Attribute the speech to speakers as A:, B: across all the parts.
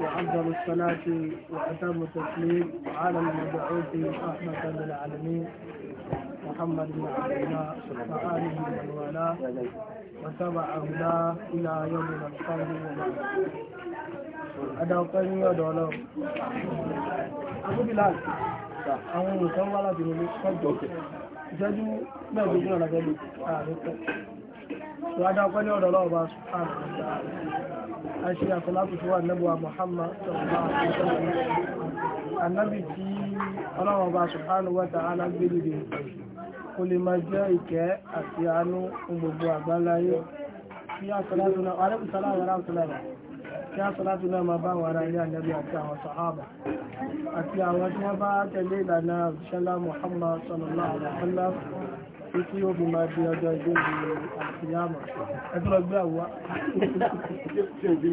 A: وأفضل الصلاة وأتم التسليم على المبعوث رحمة للعالمين محمد بن عبد الله وآله ومن والاه
B: وتبع هداه إلى يوم القلب وبعد أدعوكم يا دولار أبو بلال àwọn
A: olùkan wá láti ronú sọ́jọ́ ìṣẹ́jú mẹ́ẹ̀ẹ́dógún ọ̀làgẹ́lú ààrẹ pẹ̀. ìwádà ọpẹ́ ní ọ̀dọ̀ ọlọ́ọ̀bá sùpáàlù a ṣe àfọlátù tó wà nẹ́bùwà Muhammad annabi tí ọlọ́wọ́ bá subhanahu wa ta'ala gbélìdè kò lè máa jẹ́ ìkẹ́ àti àánú gbogbo àgbáláyé tí àfọlátù kí á sọ́látù náà máa bá àwọn ará ilé ànábì àti àwọn sàhábà àti àwọn tí wọ́n bá tẹ̀lé ìlànà òṣìṣẹ́lá Muhammad sallallahu alaihi wa sallam tí kí ó bí máa di ọjọ́ ìgbéjì àtìyàmà ẹgbẹ́ ọgbẹ́ àwọ́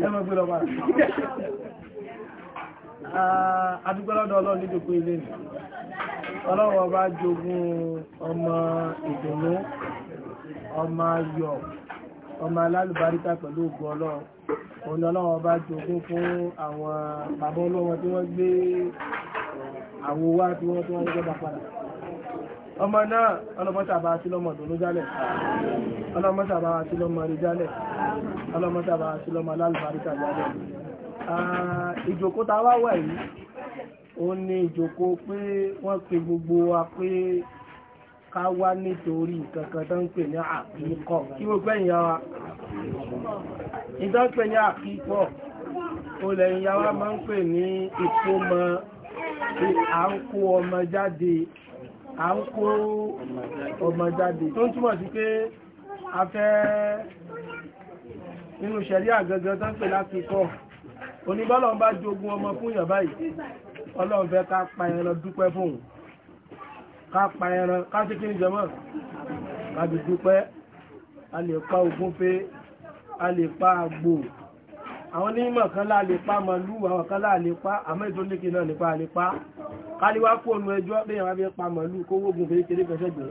A: ẹmọ gbé lọ́pàá
B: adúgbọ́lọ́dọ̀ ọlọ́run ní ìdòkó
A: ilé ni ọlọ́run ọba jogún ọmọ ìdùnnú ọmọ ayọ̀ ọmọ alálùbáríkà pẹ̀lú ògùn ọlọ́run òun ni ọlọ́run ọba jogún fún àwọn bàbá ọlọ́wọ́ tí wọ́n gbé àwo wá tí wọ́n tí wọ́n gbọ́dọ̀ padà ọmọ náà ọlọ́mọ́sàbá sí lọ́mọ ìdùnnú jálẹ̀ ọlọ́mọ́sàbá sí lọ́mọ rí jálẹ̀ ọlọ́mọ́sàbá sí lọ́mọ alálùbáríkà jálẹ̀ ìjòkó tá a wá wà yìí òun ni ìjòkó pé wọ́n pe gbogbo wa pé ká wá nítorí kankan tó ń pè ní àkíkọ̀ kí mo gbẹ̀yìn ya wa ìdá ń pè ní àkíkọ̀ ó lẹ́yìn ya wa máa ń pè ní ìkómọ
B: pé à ń kó
A: ọmọ jáde à ń kó ọmọ jáde tó ń túmọ̀ sí pé a fẹ́ nínú ṣẹ̀rí àgẹ́gẹ́ tó ń pè láti kọ́ oníbọ́lọ̀ bá jogún ọmọ fún yàn báyìí ọlọ́run fẹ́ ká pa ẹran dúpẹ́ fóun ká pa ẹran ká sí kí ní jẹmọ́ ká bí dúpẹ́ a lè pa ògúnfe a lè pa àgbò àwọn onímọ̀ kan láà lè pa màlúù àwọn kan láà lè pa àmọ́ ètò lékè náà nípa lè pa káríwá kú ònú ẹjọ́ bí wọ́n fi pa màlúù kó wógun fi kéré fẹsẹ̀ gbé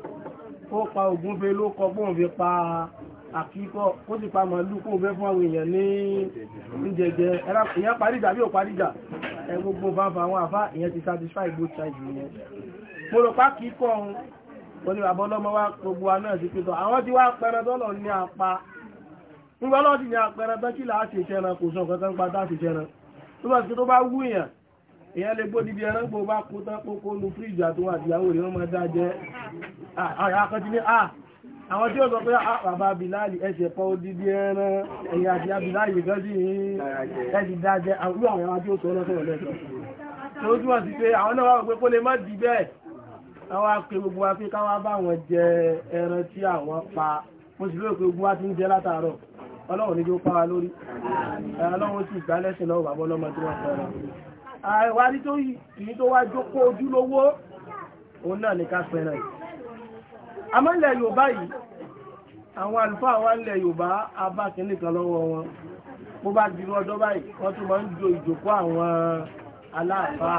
A: ó pa ògúnfe ló kọ pé òun fi pa àkíkọ́ ó sì pa màlúù kó fẹ́ fún àwọn èèyàn ní oúnjẹjẹ ìyẹn parí ìjà bí ò parí ìjà ẹ gbogbo fanfa àwọn àfá ìyẹn ti satisfy both sides yẹn mo rò pá kìí kọ́ ọ̀hún wọ́n ní bàbá ọlọ́mọ wá gbogbo wa náà sí pé tọ́ àwọn tí wá pẹrẹ tọ́lọ̀ ní apá nígbà náà ti ní apẹrẹ tán kí láà ṣe ṣẹran kò sọ kankan pa táà ṣe ṣẹran tó bá ṣe tó bá wú èèyàn èèyàn lè gbódi bí ẹran gbogbo bá kó tán kókó nu fíríjì àtúwọ̀n àtìyàwó rẹ̀ wọ́n máa dá jẹ́ àkọ́tí ní à àwọn tí ó sọ pé bàbá bìláàlì ẹsẹ̀ pọ̀ odidi ẹran ẹ̀yà àti abìláàlì kan sí ẹ̀sì dájẹ́ àwọn tí ó sọ ọlọ́sọ̀rọ̀ lẹ́sọ̀
B: tó túmọ̀ sí pé
A: àwọn náà wà pé kó lè má di àwọn akẹ́ gbogbo wa pé káwá bá wọn jẹ ẹran tí àwọn pa mo sì lóòpẹ́ gbogbo wa ti ń jẹ látàárọ̀ ọlọ́run ní kí ó pa wa lórí ọlọ́run sì gbá lẹ́sìn lọ́wọ́ bàbá ọlọ́mọ tí wọ́n fẹ́ràn àìwárí tó yìí tó wá jókòó ojúlówó òun náà ní ká fẹ́ràn yìí
B: àmọ́ ilẹ̀ Yorùbá yìí
A: àwọn àlùfáà wa ilẹ̀ Yorùbá abákinlẹ̀ kan lọ́wọ́ wọn bó bá dirú ọjọ́ báyìí wọ́n tún máa ń jo ìjòkó àwọn aláàfáà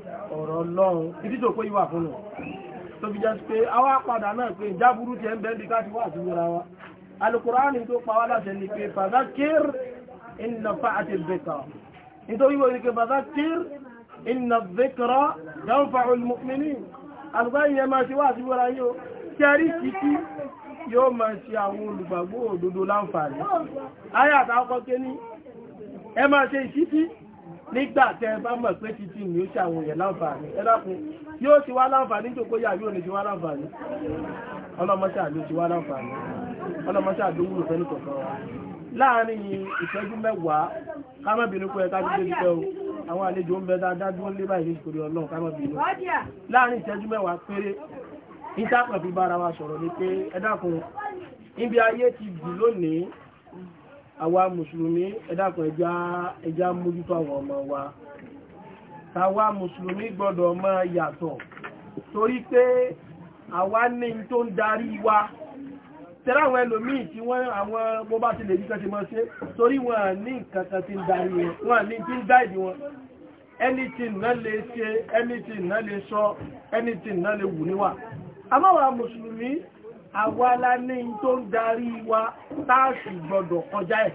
A: ọ̀rọ̀ ọlọ́run títí tó pé ìwà fún un tó fi jẹ́ pé àwa padà náà pé ìjáburú ti ẹ̀ ń bẹ́ẹ̀ bí káàkiri wà síbi ra wa alukurani tó pa wá láṣẹ ni pé fàdákìr iná fa àti bẹ̀kà nítorí wọ́n ni pé fàdákìr iná bẹ̀kà yóò fa olùmọ̀mìnì alùpàá yẹn máa ṣe wà síbi ra yóò kẹrí kìkì yóò máa ṣe àwọn olùgbàgbọ́ òdodo láǹfààní ayé àtàkọ́kẹ́ ní ẹ máa ṣe ìṣítí nígbà tẹ ẹ bá mọ̀ pé títí ní ó ṣe àwọn èèyàn láǹfààní ẹ dákun yóò ti wá láǹfààní jòkó yà yóò ní ti wá láǹfààní ọlọ́mọṣà ló ti wá láǹfààní ọlọ́mọṣà ló wúlò fẹ́ nìkọ̀ọ̀kan wa láàárín ìṣẹ́jú mẹ́wàá
B: ká má bínú pé ẹ ká tó dé dúpẹ́ o àwọn àlejò
A: ń bẹ dáadáa dúró lé báyìí nítorí ọlọ́run ká má bínú láàárín ìṣẹ́jú mẹ́wàá péré ìtàkùn fi bára wa sọ̀rọ̀ ni pé ẹ dákun ibi ayé ti dì lónìí àwa mùsùlùmí ẹ dákun ẹja mójútó àwọn ọmọ wa tàwa mùsùlùmí gbọ́dọ̀ máa yàtọ̀ torí pé àwa ní tó ń darí wa tẹ́lá àwọn ẹlòmíì tí wọ́n àwọn bó bá ti lè rí kẹ́sì mọ́ sí torí wọn ní nǹkan ti ń darí wọn ní tí ń dáìdì wọn anything náà lè ṣe anything náà lè sọ anything náà lè wù níwà wa mùsùlùmí àwa la ní tó ń darí wa táàsì gbọdọ̀ kọjá ẹ̀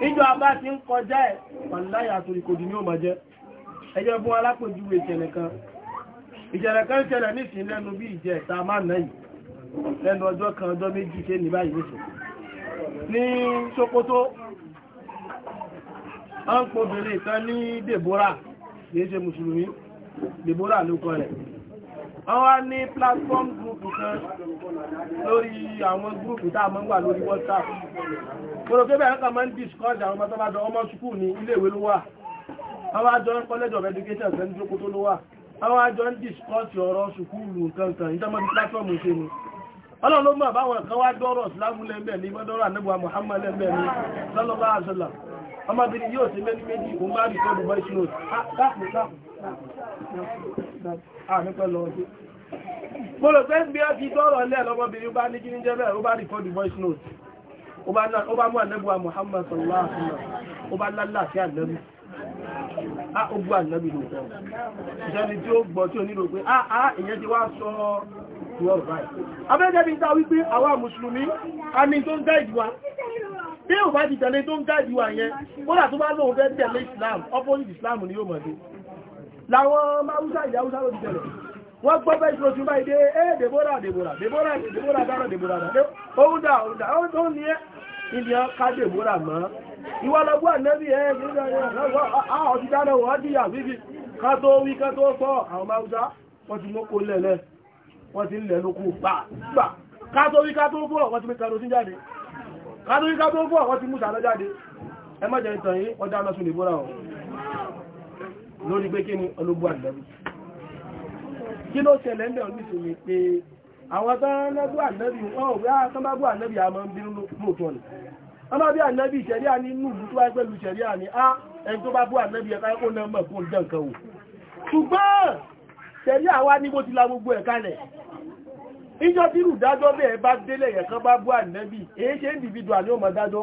A: níjọ abá ti ń kọjá ẹ̀ pàláyà torí kò dì ní òmà jẹ́ ẹjẹ́ fún alápòjúwé ìṣẹ̀lẹ̀ kan ìṣẹ̀lẹ̀ kan ṣẹlẹ̀ nísìn lẹ́nu bí ìjẹ́ ẹ̀ta máa náà yìí lẹ́nu ọjọ́ kan ọjọ́ méjì ṣe ní báyìí wọ́n wá ní platform group kan lórí àwọn group tá a máa ń wà lórí WhatsApp kòrò pé bẹ́ẹ̀ kan máa ń discuss àwọn ọmọ tó bá jọ ọmọ sukùl ní ilé ló wà wọ́n wá jọ ń college of education sẹ́ni tó kó tó ló wà wọ́n wá jọ ń discuss ọ̀rọ̀ sukùl nǹkan kan ìjọba ní platform ṣe ni ọlọ́run ló mọ̀ báwọn kan wá dọ́rọ̀ ní mọ́dọ́rọ̀ Muhammad mo rò pé bí ó ti tọ́rọ̀ lẹ́ lọ́mọbìnrin bá ní kíní jẹ́bẹ̀ ó bá rìkọ́dì voice note ó bá mú ànẹ́bùwà Muhammad sallallahu alaihi
B: wasallam ó
A: bá lálà sí ànẹ́bù á ó bú ànẹ́bù ló
B: fẹ́
A: ìṣẹ́ni tí ó gbọ́ tí ó nílò pé àá ìyẹn ti wá sọ ìwọ̀n báyìí abẹ́jẹ́ bí ta wípé àwa mùsùlùmí a ní tó ń dá ìdíwá bí ò bá ti tẹ̀lé tó ń dá ìdíwá yẹn kódà tó bá Islam opposite Islam ni yóò mọ̀ láwọn máwúsá ìjà húsá ló ti tẹ̀lẹ̀ wọ́n gbọ́ bẹ́ẹ̀ tó túnbá ìdé ẹ́ dèbóra dèbóra dèbóra dèbóra dára dèbóra dà òun dà òun dà ó ní ẹ́ ìdí ọ ká dèbóra mọ́ ìwọ lọ́gbọ́ ànẹ́bí ẹ́ àwọn ah, ti dáná wọ́n dìyà fífi ká tó wí ká tó sọ àwọn máwúsá wọ́n ti mọ́kó lẹ́lẹ́ wọ́n ti lẹ̀ lókù gbà gbà ká tó wí ká tó fọ́ wọ́n ti mú kẹrosín jáde ká tó wí ká tó fọ́ wọ́n ti mú sàlọ́ jáde ẹ má jẹ́ ìtàn yìí ọjà lọ́sùn ìbúra ọ̀hún lórí pé kí ni olóbú ànábì kí ló ṣẹlẹ̀ ń bẹ̀ ọdún ìsinmi pé àwọn tánàbù ànábì wọn ò wá tánàbù ànábì àmọ́ ń bínú lóòtọ́ ni ọlọ́bí ànábì ìṣẹ̀rí àní inú ìlú tó wáyé pẹ̀lú ìṣẹ̀rí àní á ah, ẹni tó bá bú ànábì ẹ̀ka ó náà mọ̀ kó jẹ́ nǹkan ní bó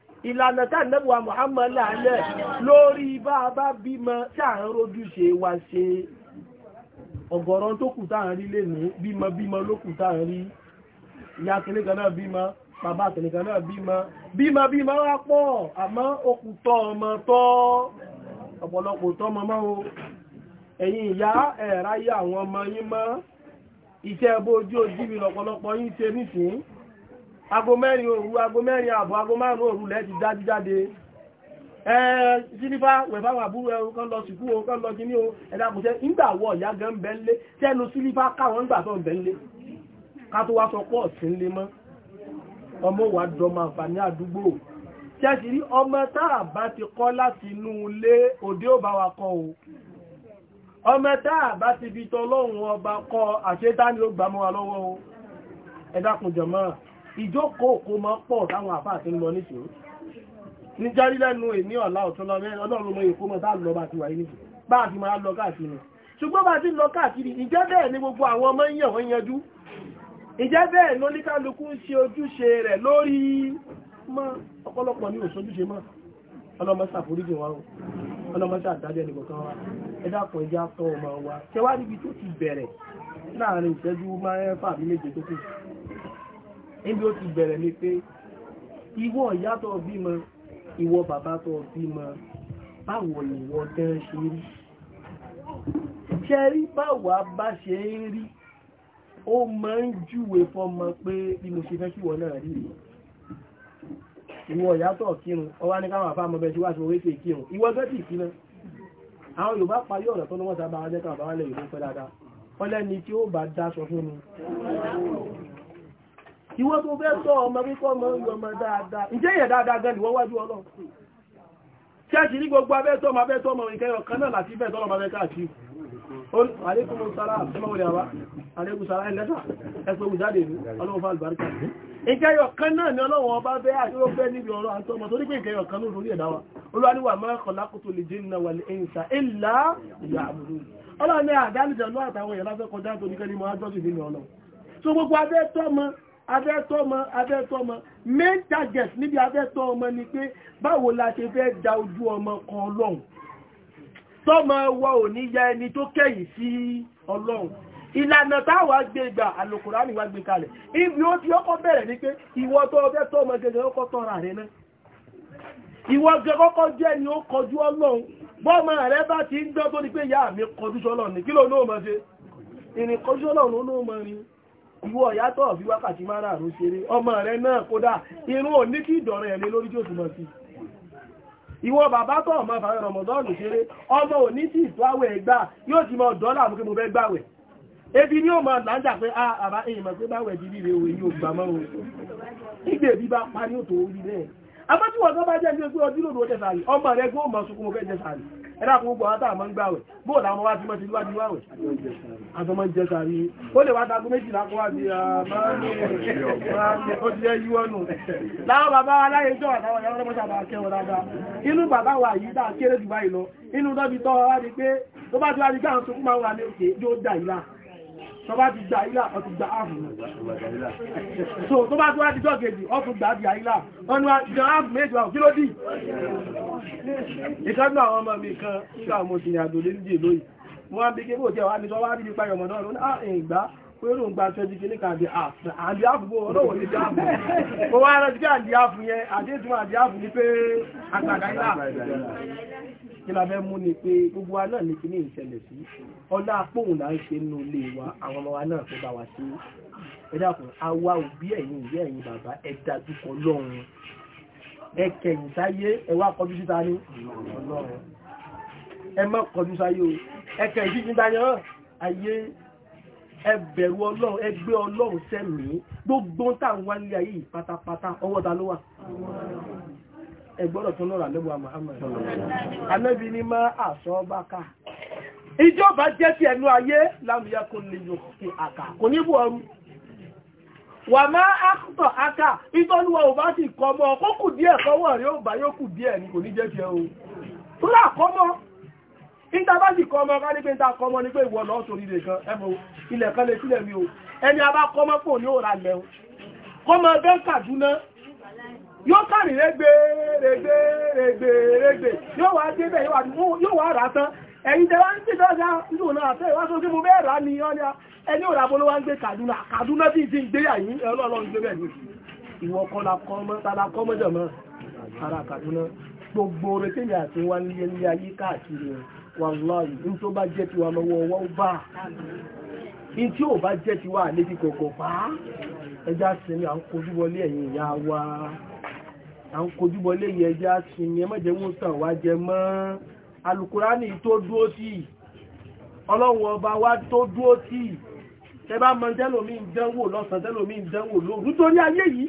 A: ìlànà tá nẹ́bùwà Muhammad láàlẹ̀ lórí bá bá bímọ sáàrín rojú ṣe wà ṣe ọ̀gọ̀rọ̀ tó kù táàrín rí lè ní bímọ bímọ ló kù táàrín rí ìyá kìnnìkan náà bímọ bàbá kìnnìkan náà bímọ bímọ bímọ wá pọ̀ àmọ́ okù tọ́ ọmọ tọ́ ọ̀pọ̀lọpọ̀ tọ́ ọmọ o ẹ̀yin ìyá ẹ̀ráyé àwọn ọmọ yín mọ́ iṣẹ́ bójú ojú mi yín ṣe nísìnyí ago mẹ́rin òru ago mẹ́rin àbọ̀ ago márùn òru lẹ́ ti dájú jáde ẹ̀ẹ́ sílífà wẹ̀fáwọn àbúrò ẹ̀rùn kan lọ sìkú o kan lọ kí ní o ẹ̀dà kò tẹ́ ìgbàwọ̀ ìyá gan bẹ́ ńlé tẹ́nu sílífà káwọn gbà tó bẹ́ ńlé ká tó wá sọ pọ̀ sí ńlé mọ́ ọmọ wa dọmọ àǹfààní àdúgbò tẹ́sì rí ọmọ táà bá ti kọ́ láti inú ilé òde ò bá wa kọ́ o ọmọ táà bá ti fi tọ́lọ́run ọba kọ́ àṣetáni ó gbàmọ́ wa lọ́wọ́ o ẹ dákun ìjókòó kó máa pọ̀ táwọn àfáà ti ń lọ níṣòro ní járí lẹ́nu èmi ọ̀la ọ̀tọ́lọ ọlọ́run mọ èkó mọ́ tá lọ bá ti wà ní bá a ti máa lọ káàkiri ṣùgbọ́n bá ti lọ káàkiri ìjẹ́ bẹ́ẹ̀ ni gbogbo àwọn ọmọ yẹ̀ wọ́n yanjú ìjẹ́ bẹ́ẹ̀ ló ní kálukú ń ṣe ojúṣe rẹ̀ lórí mọ́ ọ̀pọ̀lọpọ̀ ní òṣojúṣe mọ́ ọlọ́mọ ṣàforíjì wa ọlọ́mọ ṣàdájọ́ ẹnìkọ̀kan wa ẹ dákun ẹjẹ́ àtọ́ ọmọ wa ṣẹwárí ibi tó ti bẹ̀rẹ̀ láàrin ìṣẹ́jú márẹ́fà bí méje tó kù níbi ó ti bẹ̀rẹ̀ ni pé ìwọ ìyá tó bímọ ìwọ bàbá tó bímọ báwo ni ìwọ gan ṣe rí ṣe rí báwa bá ṣe ń rí ó máa ń júwe fọmọ pé bí mo ṣe fẹ́ kí ìwọ náà rí rí ìwọ ìyá tó kírun ọwá ní káwọn àfáà mọ́bẹ̀ síwá sí tí ìkírun ìwọ tó fẹ́ tọ́ ọmọ kíkọ́ ọmọ ọmọ dáadáa ǹjẹ́ yẹn dáadáa gan ni wọ́n wájú ọlọ́run ṣẹ́ẹ̀ṣì ní gbogbo abẹ́ tọ́ ọmọ abẹ́ tọ́ ọmọ ìkẹyọ kan náà láti fẹ́ tọ́lọ́mọ abẹ́ káàkiri Àlékún sára ẹmọ́wòrẹ̀ àwá, àlékún sára ẹlẹ́ta, ẹgbẹ́ òjáde ìlú, ọlọ́run fà àlùbáríkà. Ìkẹyọ̀ kan náà ni ọlọ́run ọba bẹ́ àyíwọ́fẹ́ níbi ọ̀rọ̀ àtọ́mọ̀ torí pé ìkẹyọ̀ kan lórí ẹ̀dá wa. Olúwaníwà máa kọ̀lákùtò lè jẹ́ ìnà wà lè ẹ̀yìnsà, ìlà ìyà àbúrú. Ọlọ́run ni àdálìjẹ̀ lọ́ àtàwọn èèyàn láfẹ́ kọjá tó ní kẹ́ abẹ́tọ́ ọmọ abẹ́tọ́ ọmọ main target níbi abẹ́tọ́ ọmọ ni pé báwo la ṣe fẹ́ da ojú ọmọ kan ọlọ́run tọ́mọ wa ò ní ya ẹni tó kẹ̀yìn sí ọlọ́run ìlànà táwà gbé gbà àlòkùránì wá gbé kalẹ̀ ibi ó ti ọkọ̀ bẹ̀rẹ̀ ní pé ìwọ tó ọbẹ̀ tó ọmọ gẹ̀gẹ̀ ọkọ̀ tọ́ra rẹ̀ náà ìwọ gẹ̀kọ́kọ́ jẹ́ ni ó kọjú ọlọ́run bọ́mọ rẹ̀ bá ti ń dán tó ní pé ìyá mi kọjú sọ́lọ́run ní kí lóòrùn ó mọ́ ṣe ìrìn kọjú ọlọ́run ó mọ́ rin ìwọ ìyàtọ̀ bí wákàtí máa rà rún ṣeré ọmọ rẹ náà kódà irun ò ní kí ìdọ̀rẹ́ ẹ̀lẹ́ lórí tí ó túnmọ̀ sí ìwọ bàbá tó ọmọ fàwọn rọmọdọ́ọ̀nù ṣeré ọmọ ò ní sí ìtọ́ àwẹ̀ ẹgbà yóò ti mọ dọ́là mú kí mo fẹ́ gbàwẹ̀ ebi ni o ma lájà pé a ah, àbá èèmọ̀ pé báwẹ̀ di líle òwe yóò gbà mọ́ òun ìgbè bí bá parí òtò orí bẹ́ẹ̀ abájúwọ̀ tó bá jẹ́ ní ojú ọdún lòdò jẹ́sàrí ọmọ rẹ̀ gbọ́ mọ̀ sókún mo fẹ́ jẹ́sàrí ẹ̀dá fún gbogbo àtà àmọ́ ń gbàwẹ̀ bó làwọn wá ti mọ́ ti lúwá ti wáwẹ̀ àtọmọ́ jẹ́ sàrí ó lè wá tagun méjì lápọ̀ wá sí ah, àwọn bàbá wa láyé jọ àtàwọn ìyàwó lọ́mọ́sà bá kẹwọ́ dáadáa inú bàbá wa yìí dáa kéré jù báyìí lọ inú tọ́bi tọ́ wá tó bá ti gba àílà ó ti gba
B: ààrùn
A: so tó bá tó wá ti jọ́gẹ̀ẹ́jì ó tún gbà á di àílà ọ̀nà ìjọ ààrùn méjì wà kí ló dì ìkánú àwọn ọmọ mi kan ṣíkà ọmọ òsìn àjò lóríjì lóyìí wọ́n bí kébò jẹ́ wà ní sọ wá rí nípa ìrọ̀mọ̀ náà lónà ìgbà ah, pẹ̀lú ń gba ṣẹ́jú kí ní kan àdí ah, àfúgbò ọlọ́wọ̀ ní jáàbù ó wá rẹ̀ sí àdí àfú yẹn àdí ìtumọ̀ àdí àfú ní pé àgbàdá ìlà kí la fẹ́ mú ni pé gbogbo wa náà ní kí ní ìṣẹ̀lẹ̀ sí ọlá apóhùn là ń ṣe nínú ilé wa àwọn ọmọ wa náà fẹ́ bá wa ṣe ẹ dákun awa òbí ẹ̀yin ìyá ẹ̀yin bàbá ẹ dájúkọ lọ́run ẹ kẹ̀yìn sáyé ẹ wá kọjú síta ní ọlọ́run ẹ má kọjú sáyé o ẹ kẹ̀yìn síta ní ayé ayé ọlọ́run ẹ ọlọ́run sẹ́mi gbogbo táwọn wá ayé pátápátá ọwọ́ ta ló wà ẹgbọ́dọ̀ tó lọ́rọ̀ àlẹ́bù Muhammad ànábì ní máa àṣọ bá ká ìjọba jẹ́ ti ẹnu ayé lámìyá kò lè yọ sí àkà kò ní bú ọrú wà máa àkùtọ̀ àkà ìtọ́lúwà ò bá sì kọ mọ́ kó kù díẹ̀ kọwọ́ rí ó bá yóò kù díẹ̀ ní kò ní jẹ́ ti ẹ̀ o tó là kọ́ mọ́ níta bá sì kọ ọmọ ká ní pé níta kọ ọmọ ní pé ìwọ lọ́ọ́ sórí nìkan ẹ̀fọ́ ilẹ̀ kan lè sílẹ̀ mi o ẹni a kọ́ mọ́ pò ní òòrà lẹ́wọ̀n kọ́ mọ́ bẹ́ẹ̀ Kàdúná yóò kàrì rẹ̀gbẹ̀rẹ̀gbẹ̀rẹ̀gbẹ̀ yóò wá débẹ̀ yóò wá rà tán ẹ̀yìn tẹ́wà ń tí tọ́já ìlú náà tẹ́ ìwá tó kí mo bẹ́ẹ̀ rà ní ọ́nà ẹni ló wá Kaduna Kaduna ti ń gbé àyín ìwọ̀n bá jẹ́ tiwa ní ẹjá sinmi à ń kojú wọlé wa à ń kojúbọ lé yẹ ẹjẹ́ àṣìmí ẹmọ́jẹ́ wọn tàn wá jẹ mọ́ alukurani tó dúó tì ọlọ́run ọba wa tó dúó tì ẹ bá mọ tẹ́lòmí ń dánwò lọ́sàn tẹ́lòmí ń dánwò lóru nítorí ayé yìí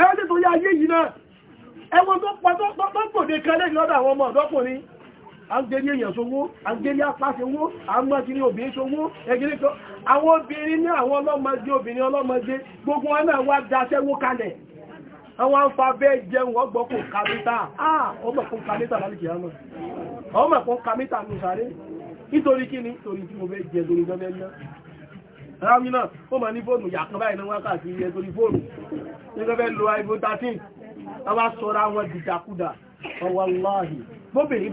A: ẹwọ́n tí torí ayé yìí náà ẹwọ́n tó pàtọ́pàtọ́pòdé kan lẹ́yìn lọ́dọ̀ àwọn ọmọ ọ̀dọ́kùnrin a ń gẹ́rí èèyàn sówó a ń gẹ́rí apáṣe owó a ń mọ́kiri àwọn afábẹ́ jẹun ọgbọ́ kò ká Ah, ọmọ kò ká mítà lálùkì àmọ́ ọmọ kò ká mítà nù sáré nítorí kí ni torí tí mo fẹ́ jẹ lórí gbọ́dẹ́ ná ráwí náà ó máa ní fóònù yàtọ̀ báyìí ní wákàtí yẹ torí fóònù ní fẹ́ lo iPhone thirteen àwọn sọra wọn dìdàkudà ọwọ́láhì bóbìnrin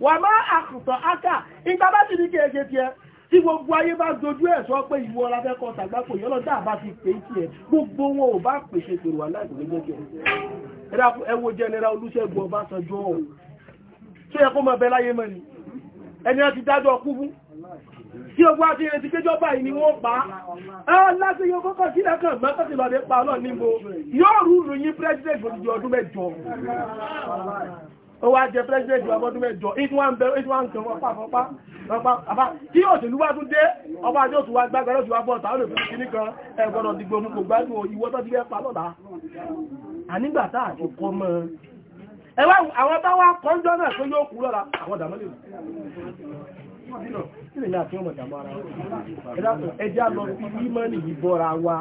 A: wà má àkùtọ̀ áká ìgbà bá ti ní kí ẹgbẹ́ tiẹ̀ tí gbogbo ayé bá dojú ẹ̀ sọ pé ìwọ ọ̀la fẹ́kọ̀ọ́ tàgbákò yọ́lọ́ tá a bá ti pè é tiẹ̀ gbogbo wọn ò bá pèsè pèrò wà láì lójú ẹjọ́ ẹ wo jẹnẹra Olúṣẹ́gun Ọbásanjọ́ tó yẹ kó mọ bẹ láyé mọ ni ẹni ọ ti dájọ́ kú fún tí ogun àti ẹ̀rẹ́ ti kéjọba yìí ni wọ́n pa á láti yóò kọ́kọ́ sílẹ̀ kan mẹ́kànlẹ̀ lọ́dẹ̀ pa náà ó wá jẹ president wa bọ́dún mẹ́jọ ìtún wá ń bẹ̀rẹ̀ ìtún wá ń kẹrọ ọpá ọpá ọpá tí òṣèlú wá tún dé ọba àjọ òṣù wa gbágbára òṣù wa bọ́ ọ̀tà olè fún kíní kan ẹgbọ́dọ̀ dìgbò mú kò gbádùn ìwọ́ tó ti fẹ́ pa lọ́la ànígbà tá àti kọ́ mọ́ ẹ wá àwọn bá wá kọ́ńjọ́ náà tó yóò kú lọ́la àwọn dàmọ́lẹ̀ ẹjá lọ fi ìmọ̀nì yìí bọ́ra wa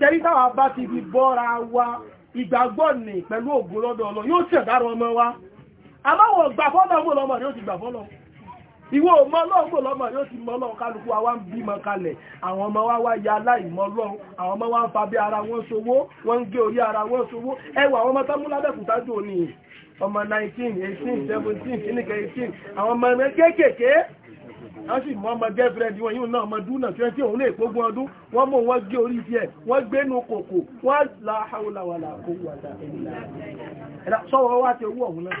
A: tẹ́rí táwa bá ti fi bọ́ra wa ìgbàgbọ́ ni pẹ̀lú ògùn lọ́dọ̀ ọlọ́ yóò tẹ̀dárọ̀ ọmọ wa àmáwọn gbà fọ́lọ̀ mọ́ lọ́mọ yóò ti gbà fọ́lọ̀ ìwọ mọ́lọ́mọ́ lọ́mọ yóò ti mọ́lọ́ kálukú àwọn bímọ kalẹ̀ àwọn ọmọ wa wá ya aláìmọ́lọ́ àwọn ọmọ wa ń fa bí ara wọn sowó wọ́n ń gé orí ara wọn sowó ẹwà àwọn ọmọ támúlá bẹ̀kúta jò ní ọmọ 19 18 17 kíníkẹ 18 àwọn ọmọ ẹ̀mẹ́ kéékèèké wọ́n sì mọ́ ọmọ gẹ́fẹ́rẹ́dì wọn yíò náà ọmọ dúnà tí wọ́n tí òun lè pógún ọdún wọ́n mú wọn gé orí tí ẹ̀ wọ́n gbénu kòkò wọ́n láhàúláwàlà kó wà dáa ẹ̀dá sọ́wọ́ wá ti owó ọ̀hún náà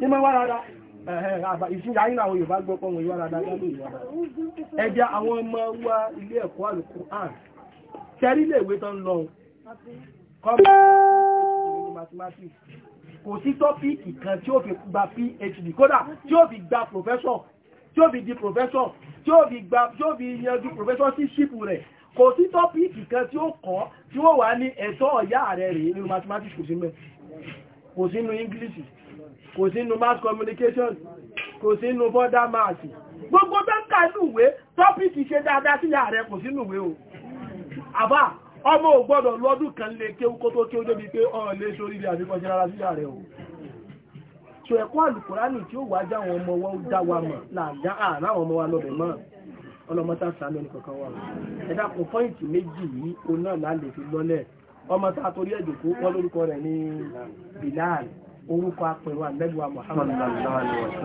A: ní mọ́ wárada ìṣúnjáyìn àwọn Yorùbá gbọ́pọ̀ wọn ìwárada gbọ́pọ̀ ìwárada
B: ẹja àwọn ọmọ wa
A: ilé ẹ̀kọ́ àlùkù àn tẹ́rí lè wé tán lọ kò kò sí tọ́pìkì kan tí ó kọ́ tí ó wà ní ẹ̀tọ́ ọ̀yá rẹ̀ rèé nínú mathematics kò sí mẹ́ kò sínú English kò sínú mass communication kò sínú border mass gbogbo bẹ́ǹkà inúwé tọ́pìkì ṣe dáadáa sílẹ̀ ààrẹ kò sínúwé o àbá ọmọ ò gbọ́dọ̀ lọ́dún kan lè kéwú kó tó kí ó débi pé ọ̀rọ̀ lè sórí ilé àbíkọ́ sí rárá sílẹ̀ ààrẹ o so ẹ̀kọ́ àlùkùránì tí ó wà já àwọn ọmọ wọn dá wa mọ̀ láàdá àráwọn ọmọ wa lọ́bẹ̀ mọ́ ọlọ́mọta sàánú ẹni kankan wà ẹ̀dá kò pọ́ìntì méjì yìí o náà láà fi lọ́lẹ̀ ọmọ tá a torí ẹ̀jòkó wọn lórúkọ rẹ̀ ní Bilal orúkọ apẹ̀rọ àgbẹ́gbà Muhammad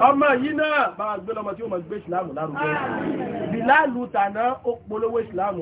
A: ọmọ yìí náà bá gbé lọ́mọ tí ó mọ̀ gbé ìsìláàmù lárugẹ ah.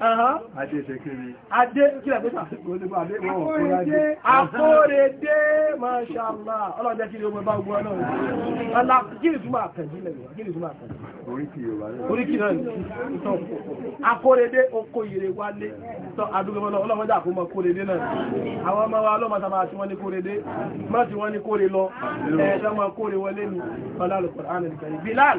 B: Adé ìṣẹ́kiri.
A: Adé kílẹ̀ pẹ́sà. Akóredé, Masha Allah. Ọlọ́jẹ́ kí ni ó mọ bá ogun ọlọ́run. Ọlá kí ni túnmọ̀ àkànjí lẹ́yìn? Kí ni túnmọ̀ àkànjí? Oríkì
B: Yorùbá lẹ́yìn. Oríkì náà ní.
A: Akóredé oko ìrè wálé. Sọ àdúgbò náà ọlọ́mọdé àkómọ kóredé náà. Àwọn ọmọ wa ọlọ́mọ sábà tí wọ́n ní kóredé. Má tí wọ́n ní kóre lọ. Ẹ̀ẹ́dá máa kóre wọlé ni. Ọlá lọ́kọ̀ ọ̀rọ̀ ànàdìkàrí. Bilal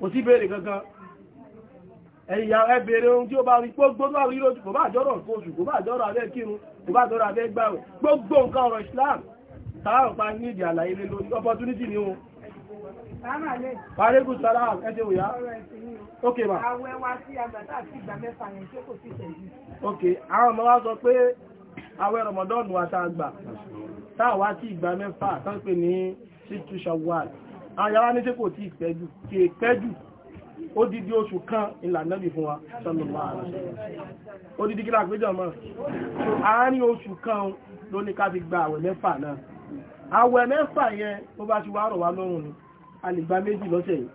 A: kò sí béèrè kankan ẹ̀yà ẹbẹ̀rẹ̀ ohun tí ó bá rí gbogbo bá rí lójú kò bá jọ́rọ̀ kóòsù kò bá jọ́rọ̀ abẹ́ kírun kò bá jọ́rọ̀ abẹ́ gbàwẹ̀ gbogbo nǹkan ọ̀rọ̀ Islam tààrùn pa ní ìdí àlàyé lé lórí opportunity ni o
B: Parígùn sọ́lá ẹjẹ́ òyá. Ok ma.
A: Àwẹ̀ wa sí ó Ok, àwọn ọmọ wa sọ pé àwẹ̀ Ramadan tá a gbà. Táà wá sí ìgbà mẹ́fà tán àyàwá ní ṣe kò tí ìpẹ́jù kì í pẹ́jù odidi oṣù kan ìlànà bí fún wa sallallahu alaihi wasallam
B: odidi kí láàpéjọ mọ́
A: àárín oṣù kan ló ní ká fi gba àwẹ̀ mẹ́fà náà àwẹ̀ mẹ́fà yẹn tó bá ti wá rọ̀ wá lọ́rùn ni a lè gba méjì lọ́sẹ̀ yìí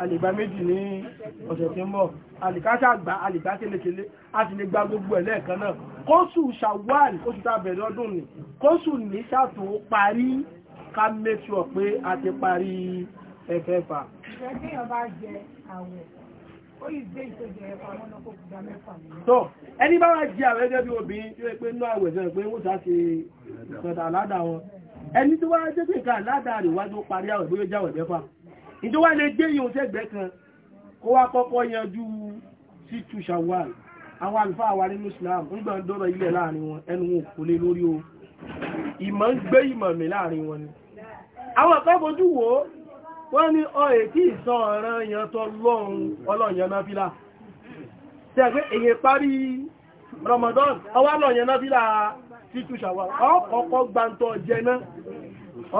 A: a lè gba méjì ní ọ̀sẹ̀ tí ń bọ̀ a lè káṣà gbà a lè gbà kélékélé a sì lè gba gbogbo ẹ̀ lẹ́ẹ̀kan náà kóṣù ṣàwáàlì oṣù tá a bẹ̀rẹ̀ ọdún ni kóṣù ní ṣàtò parí ká make sure a ti parí ẹ̀fẹ́fà. so ẹni bá wá jẹ àwẹ̀ gẹ́gẹ́ bí obìnrin tí ó pé ní àwẹ̀ sọ pé wọ́n sáà ṣe ìsọ̀dà aládà wọn ẹni tó wá jẹ́ pé ká aládà rẹ̀ wá parí àwẹ̀ bóyá jáwẹ̀ mẹ́fà ìjọ wá lè gbé yíò sẹ́gbẹ́ kan kó wá kọ́kọ́ yanjú sí tu shawal àwọn àlùfáà wa nínú Islam ń gbọ́n dọ́rọ̀ ilẹ̀ láàrin wọn ẹnu wọn kò lè lórí o ìmọ̀ ń gbé ìmọ̀ mi láàrin wọn ni àwọn ọ̀pẹ́ bojú wo wọ́n ní ọ èkí ìsọ ọ̀ràn èèyàn tọ́ lọ́run ọlọ́yàn náà fílà tí ẹgbẹ́ èyẹ parí Ramadan ọwá lọ́yàn náà fílà títù ṣàwà ọkọ̀ọ̀kọ́ gbàntọ̀ jẹ náà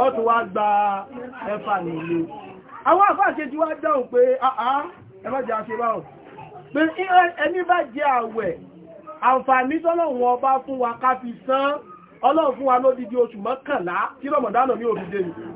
A: ọ tó wá gba ẹfà nílé àwọn àfáàkejì wá dáhùn pé àá ẹ má jẹ́ àṣebáhùn pé ẹni bá jẹ àwẹ̀ àǹfààní tọ́lọ̀wọ̀n ọba fún wa ká fi san ọlọ́run fún wa lódidi oṣù mọ́kànlá tí Ramadan ní òdìdé yìí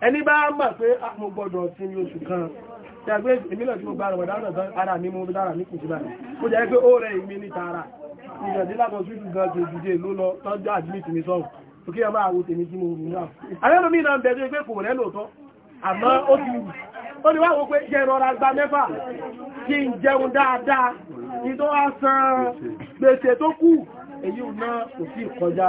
A: ẹni bá mọ̀ pé ah, mo gbọ́dọ̀ sí ní oṣù kan tí a gbé ìmìnà tí mo bá rọ̀ dáadáa sọ ara mi mú dára ní kùsù báyìí mo jẹ́ pé ó rẹ̀ ìmí ní tààrà ìjọ̀dí lábọ̀ síjú gan ti ìdíje ló lọ tọ́jú àdímìtì mi sọ́run tó kí ọmọ àwọn tèmi tí mo rù náà àlẹ́nu mi náà bẹ̀rẹ̀ pé kò rẹ̀ lóòótọ́ àmọ́ ó ti rù ó ní wáwo pé jẹ́ rọra gba mẹ́fà kí n jẹun dáadáa ní tó wá san gbèsè tó kù èyí ò náà kò sí ìkọjá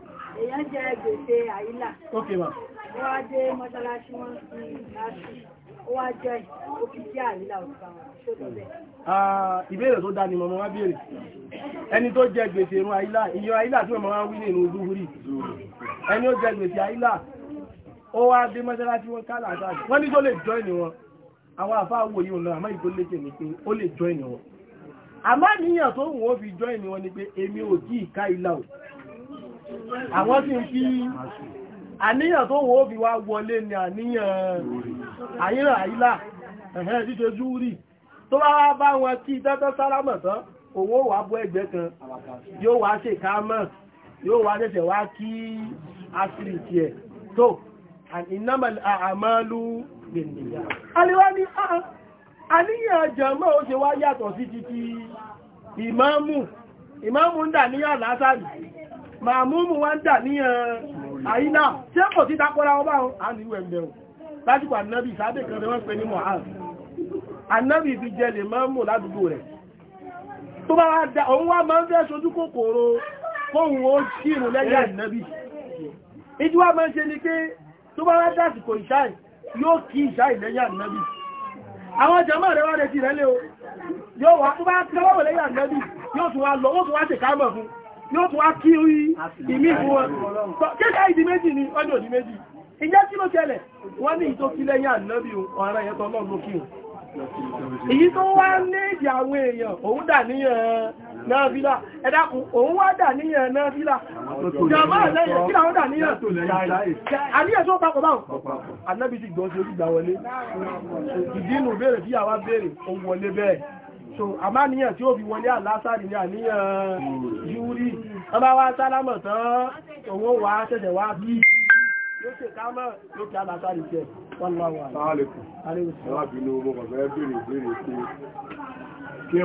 A: èèyàn jẹ gbèsè àyílà ó wá dé mọ́ṣáláṣí wọn sí láṣù ó wá
B: jẹ òkìkí àyílà òkúta wọn ṣó tó bẹ́ẹ̀.
A: ìbéèrè tó dáa ni mọ̀mọ́ wá béèrè ẹni tó jẹ gbèsè ìrún àyílà ìyọ àyílà tí mọ̀mọ́ wá wí ní ìrún dúhúrì ẹni ó jẹ gbèsè àyílà ó wá dé mọ́ṣáláṣí wọn kálà àtàkì wọ́n ní tó lè jọ ìní àwọn àfáà wò yìí ń lọ àmọ́ ìtò lékè ní pé ó lè jọ ìní àmọ́ níyàn tó wọ́n fi jọ ìní ni pé èmi ò tí ì ìlà ò
B: àwọn sì ń fi
A: àníyàn tó wọ́n fi wá wọlé ní àníyàn àyíra àyílà ẹ̀hẹ́ títẹ júúrì tó bá wá bá wọn kí tẹ́tọ́ sálámọ̀ tán owó wà bọ́ ẹgbẹ́ kan yóò wá ṣe kámọ̀ yóò wá ṣẹ̀ṣẹ̀ wá kí asìrì tí ẹ̀ tó ìnámàlì àmàlú gbènìyàn aliwá àníyàn jàmọ́ ó yàtọ̀ sí ti ti ìmáàmù ìmáàmù ń dà níyàn lásàrì màmúmù wá ń dà níyàn àyílà tí ó kò títà pọ́lá ọba wọn a ní ìwẹ̀m̀bẹ̀ wọn lásìkò ànábì sábẹ̀ kan wọ́n pè ní mohan ànábì fi jẹ lè máa ń mò ládùúgbò rẹ̀ tó bá dá òun wá máa ń fẹ́ sojú kòkòrò kóhun ó kírun lẹ́yìn ànábì ìjú wá máa ń ṣe ni pé tó bá dásìkò ìṣáì yóò kí ìṣáì lẹ́yìn ànábì àwọn jàmáà rẹ̀ wá rẹ̀ ti rẹ̀ lé o yóò wá tó bá kẹ́wọ́ lẹ́yìn ànábì yóò tún wá lọ wọ́n tún wá ṣèkámọ̀ fún yóò tún wá kí orí ìmí ìfúnwọ́n kéka ìdí méjì ni ọjọ́ ìdí méjì ìjẹ́ kí ló kẹlẹ̀ wọ́n ní ìtó kí lẹ́yìn ànábì ọ̀ràn ẹ̀tọ́ náà ló kí èyí tó wá ní ìdí àwọn èèyàn òun dà níyàn náà fílà ẹ̀dàkùn òun wá dà níyàn náà fílà jàmbá lẹ́yìn kí làwọn dà níyàn àníyàn tó papọ̀ báwọn ànábì ti gbọ́ sí orí ìgbà wọlé ìdínú béèrè tí àwa béèrè ó wọlé bẹ́ẹ̀ so àmáníyàn tí ó fi wọlé àlásàrì ní àníyàn yúrí ọba wá sálámọ̀ tán òun wà ṣẹ̀ṣẹ̀ wá bí yóò ṣe ká mọ́ lókè àlásàrì jẹ́ wọ́n lọ́wọ́ kí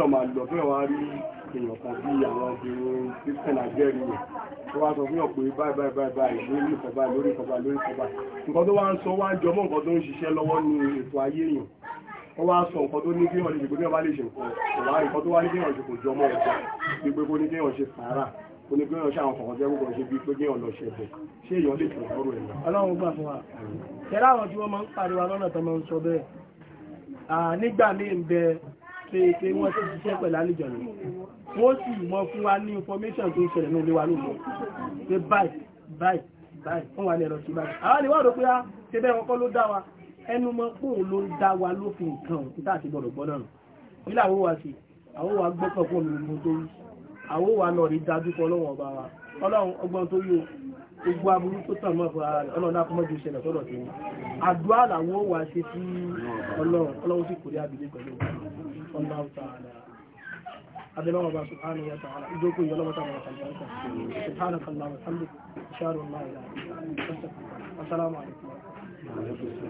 A: ọmọ àlọ́ fẹ́ wá rí èèyàn kan bí àwọn obìnrin christian agẹ́rin rẹ̀ tó wá sọ fún ọ̀pọ̀ báyìí báyìí báyìí báyìí lórí ìkọba lórí ìkọba lórí ìkọba nǹkan tó wá ń sọ wá ń jọmọ́ nǹkan tó ń ṣiṣẹ́ lọ́wọ́ ní ètò ayé èèyàn wọ́n wá sọ nǹkan tó ní kí ọ̀lẹ́ ìgbóní ọba lè ṣe nǹkan tó wá ní kí ọ̀ṣe kò jọ ọmọ ẹ̀kọ́ gbígbé ní kí ọ̀ṣe sàárà kó ní kí ọ̀ṣe ṣe àwọn tí tó máa ń sọ wọ́n ti ṣiṣẹ́ pé báyìí wọ́n wà ní ah, ṣe bẹ́ẹ̀ wọn kọ́ ló dá ẹnu mọ́ fóun ló ń dá wa lófin nǹkan títà àti gbọ́dọ̀ gbọ́dọ̀ nù nílẹ̀ àwọn wa sí àwọn wa gbọ́kàn fún mi gbogbo tó rí àwọn wa lọ rí dájú kọ ọlọ́wọ́n ọba wa ọlọ́run ọgbọ́n tó yóò gbogbo aburú tó tàn mọ́ fúnra rẹ̀ ọlọ́run náà kọ́mọ́jú ìṣẹ̀lẹ̀ sọ́dọ̀ tó ní àdúrà làwọn wà ṣe sí ọlọ́run ọlọ́run sì kò rí abìlé pẹ̀lú ọlọ́run tààlà abẹ́lọ́wọ́ bá sùhánù yà tààlà ìjókòó yọ lọ́wọ́ tààlà kàlùkà sùhánù kàlùkà sàmì ìṣàrò máa ìlà assalamu alaikum